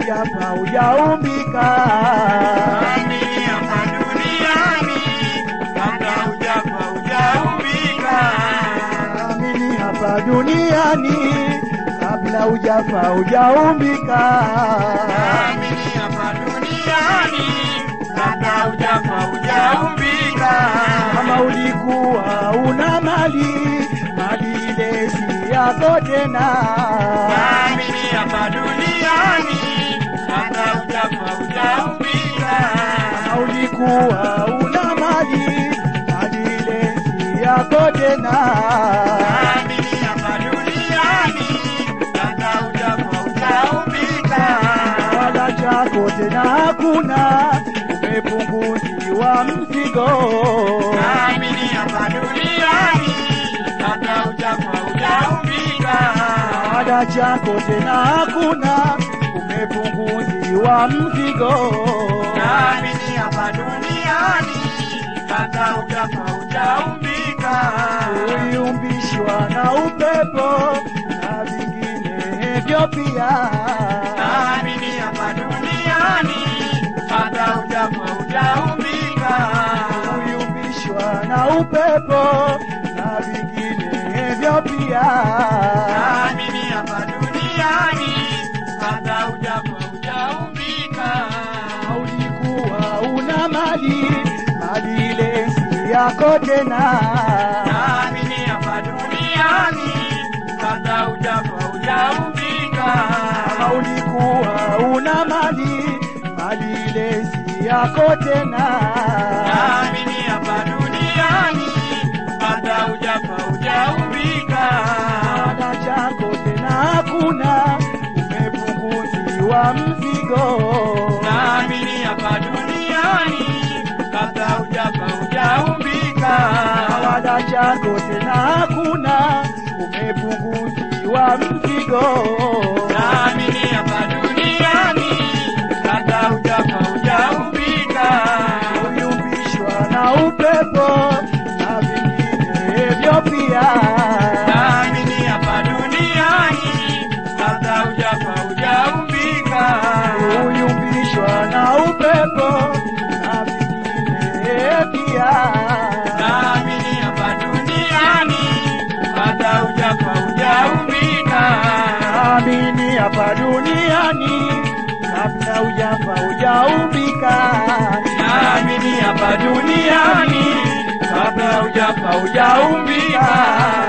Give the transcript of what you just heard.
ujafa ujaumbika duniani kabla ujafa ujaumbika amini hapa kama ulikuwa una mali mali ile si yako tena amini kuwa una maji yako tena tena hakuna umepunguziwa mzigo. Naamini hapa duniani hata Ada chako tena hakuna umepunguziwa mzigo. Naamini hapa duniani, hata utafa utaumbika, uyumbishwa na upepo na vinginevyo pia. Amini hapa duniani, hata utafa utaumbika, uyumbishwa na upepo na vinginevyo pia. mbali na yako tena, naamini hapa duniani sasa ujafa ujaufika. Kama ulikuwa una mali na lile si yako tena, naamini hapa duniani sasa ujafa ujaufika. Ada chako tena hakuna, umepunguziwa mzigo umeacha gose na hakuna, umepunguziwa mzigo. Naamini hapa duniani hata hujafa hujaupika, huyumbishwa na upepo duniani kabla ujafa ujaumbika, naamini hapa duniani kabla ujafa ujaumbika